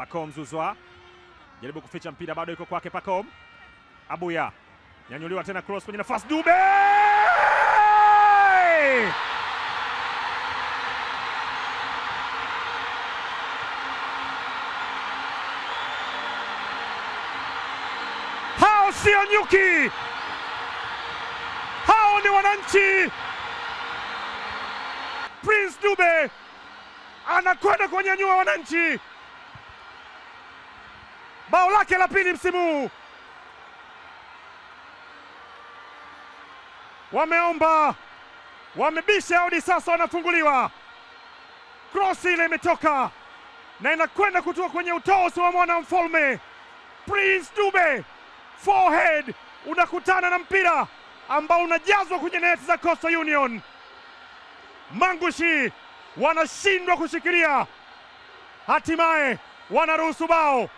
pakom Zouzoua jaribu kuficha mpira, bado yuko kwake Pacome. Abuya nyanyuliwa tena, cross kwenye nafasi, Dube hao sio nyuki, hao ni wananchi. Prince Dube anakwenda kuwanyanyua wananchi bao lake la pili msimu huu. Wameomba, wamebisha hadi sasa wanafunguliwa. Cross ile imetoka na inakwenda kutua kwenye utosi wa mwana mfalme Prince Dube. Forehead unakutana na mpira ambao unajazwa kwenye neti za Coastal Union. Mangushi wanashindwa kushikilia, hatimaye wanaruhusu bao.